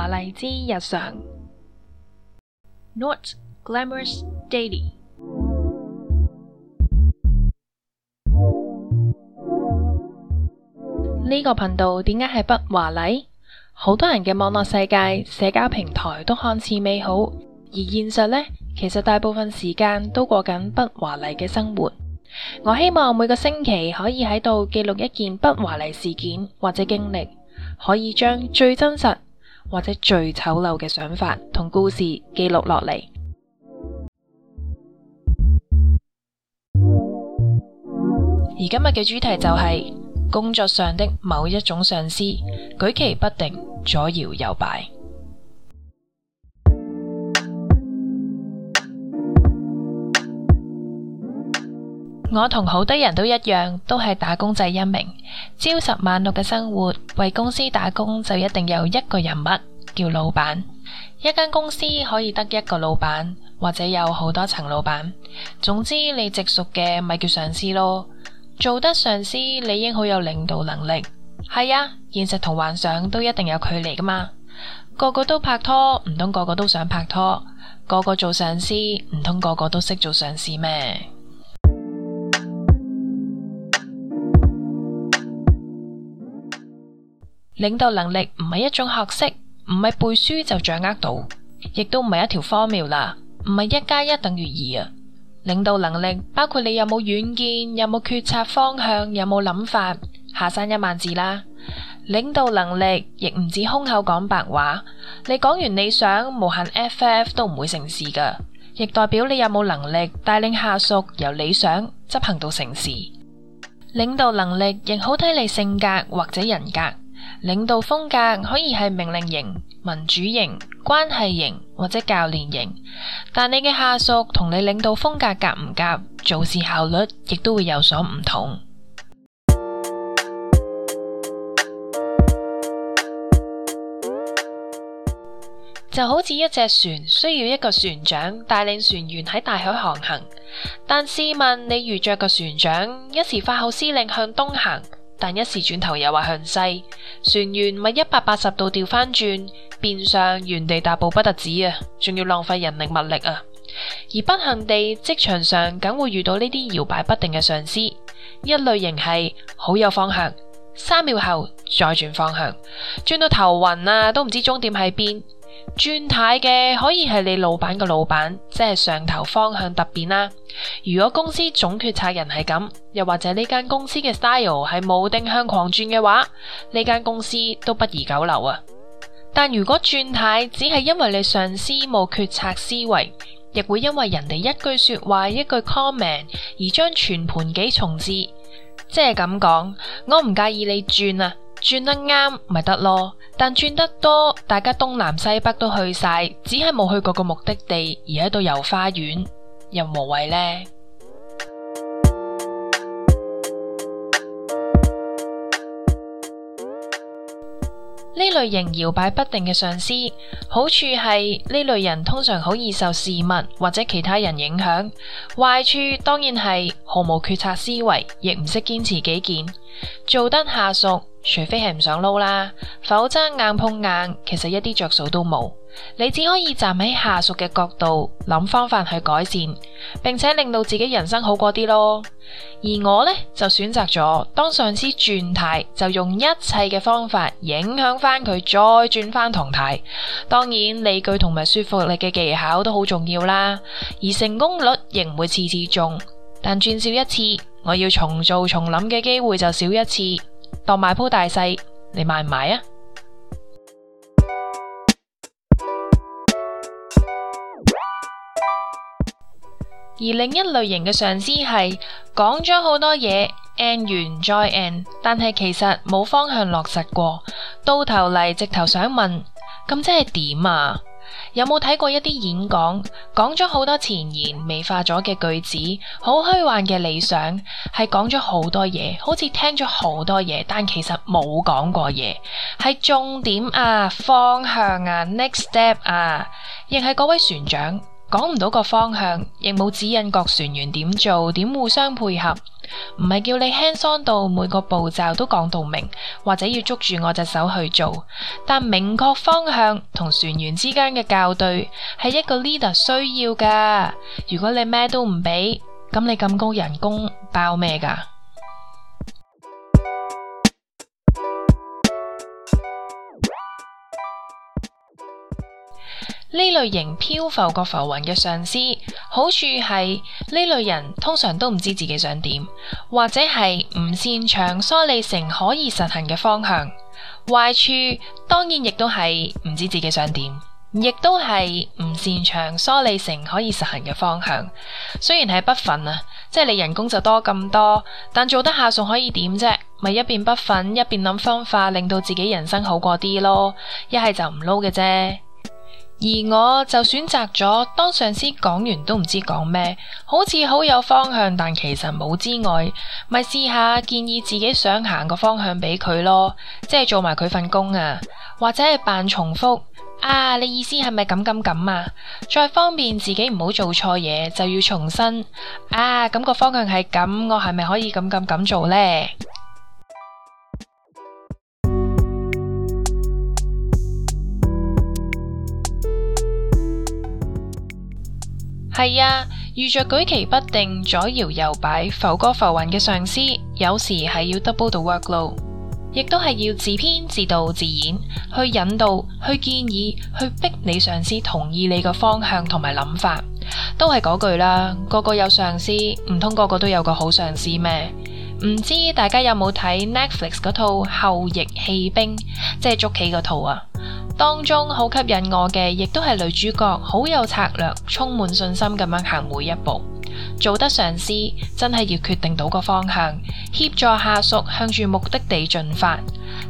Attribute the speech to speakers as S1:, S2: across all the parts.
S1: 華麗之日常，Not Glamorous Daily 呢個頻道點解係不華麗？好多人嘅網絡世界、社交平台都看似美好，而現實呢，其實大部分時間都過緊不華麗嘅生活。我希望每個星期可以喺度記錄一件不華麗事件或者經歷，可以將最真實。或者最醜陋嘅想法同故事記錄落嚟。而今日嘅主題就係、是、工作上的某一種上司，舉棋不定，左搖右擺。我同好多人都一樣，都係打工仔一名，朝十晚六嘅生活，為公司打工就一定有一個人物叫老闆。一間公司可以得一個老闆，或者有好多層老闆。總之，你直屬嘅咪叫上司咯。做得上司，你應好有領導能力。係啊，現實同幻想都一定有距離噶嘛。個個都拍拖，唔通個個都想拍拖？個個做上司，唔通個個都識做上司咩？領導能力唔係一種學識，唔係背書就掌握到，亦都唔係一條 formula 啦，唔係一加一等於二啊。領導能力包括你有冇遠見，有冇決策方向，有冇諗法，下山一萬字啦。領導能力亦唔止空口講白話，你講完理想，無限 FF 都唔會成事㗎，亦代表你有冇能力帶領下屬由理想執行到成事。領導能力亦好睇你性格或者人格。領導風格可以係命令型、民主型、關係型或者教練型，但你嘅下屬同你領導風格夾唔夾，做事效率亦都會有所唔同。 就好似一隻船需要一個船長帶領船員喺大海航行，但試問你遇着個船長一時發號施令向東行？但一時轉頭又話向西，船員咪一百八十度掉翻轉，變相原地踏步不特止啊，仲要浪費人力物力啊。而不幸地，職場上梗會遇到呢啲搖擺不定嘅上司，一類型係好有方向，三秒後再轉方向，轉到頭暈啊，都唔知終點喺邊。轉軚嘅可以係你老闆嘅老闆，即係上頭方向突變啦。如果公司總決策人係咁，又或者呢間公司嘅 style 係冇定向狂轉嘅話，呢間公司都不宜久留啊。但如果轉軚只係因為你上司冇決策思維，亦會因為人哋一句說話、一句 comment 而將全盤幾重置。即係咁講，我唔介意你轉啊。轉得啱咪得咯，但轉得多，大家東南西北都去晒，只係冇去過個目的地，而喺度遊花園又無謂呢？呢 類型搖擺不定嘅上司，好處係呢類人通常好易受事物或者其他人影響，壞處當然係毫無決策思維，亦唔識堅持己見，做得下屬。除非係唔想撈啦，否則硬碰硬其實一啲着數都冇。你只可以站喺下屬嘅角度諗方法去改善，並且令到自己人生好過啲咯。而我呢，就選擇咗當上司轉態，就用一切嘅方法影響翻佢，再轉翻同態。當然，理據同埋說服力嘅技巧都好重要啦。而成功率仍唔會次次中，但轉少一次，我要重做重諗嘅機會就少一次。當買鋪大細，你買唔買啊？而另一類型嘅上司係講咗好多嘢，end 完再 end，但係其實冇方向落實過，到頭嚟直頭想問，咁即係點啊？有冇睇過一啲演講，講咗好多前言未化咗嘅句子，好虛幻嘅理想，係講咗好多嘢，好似聽咗好多嘢，但其實冇講過嘢。係重點啊，方向啊，next step 啊，亦係嗰位船長講唔到個方向，亦冇指引各船員點做，點互相配合。唔係叫你輕鬆到每個步驟都講到明，或者要捉住我隻手去做，但明確方向同船員之間嘅校對係一個 leader 需要㗎。如果你咩都唔俾，咁你咁高人工包咩㗎？呢類型漂浮過浮雲嘅上司，好處係呢類人通常都唔知自己想點，或者係唔擅長梳理成可以實行嘅方向。壞處當然亦都係唔知自己想點，亦都係唔擅長梳理成可以實行嘅方向。雖然係不忿啊，即係你人工就多咁多，但做得下仲可以點啫？咪一邊不忿，一邊諗方法令到自己人生好過啲咯。一係就唔撈嘅啫。而我就選擇咗當上司講完都唔知講咩，好似好有方向，但其實冇之外，咪試下建議自己想行個方向俾佢咯，即係做埋佢份工啊，或者係扮重複啊。你意思係咪咁咁咁啊？再方便自己唔好做錯嘢，就要重新啊。咁個方向係咁，我係咪可以咁咁咁做呢？係啊，遇着舉棋不定、左搖右擺、浮哥浮雲嘅上司，有時係要 doubletheworkload，亦都係要自編自導自演，去引導、去建議、去逼你上司同意你個方向同埋諗法。都係嗰句啦，個個有上司，唔通個個都有個好上司咩？唔知大家有冇睇 Netflix 嗰套《後翼棄兵》，即係捉棋嗰套啊？當中好吸引我嘅，亦都係女主角，好有策略，充滿信心咁樣行每一步，做得上司真係要決定到個方向，協助下屬向住目的地進發。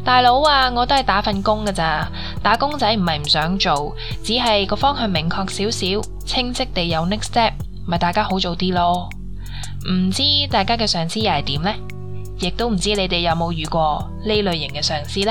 S1: 大佬啊，我都係打份工噶咋，打工仔唔係唔想做，只係個方向明確少少，清晰地有 next step，咪大家好做啲咯。唔知大家嘅上司又係點呢？亦都唔知你哋有冇遇過呢類型嘅上司呢？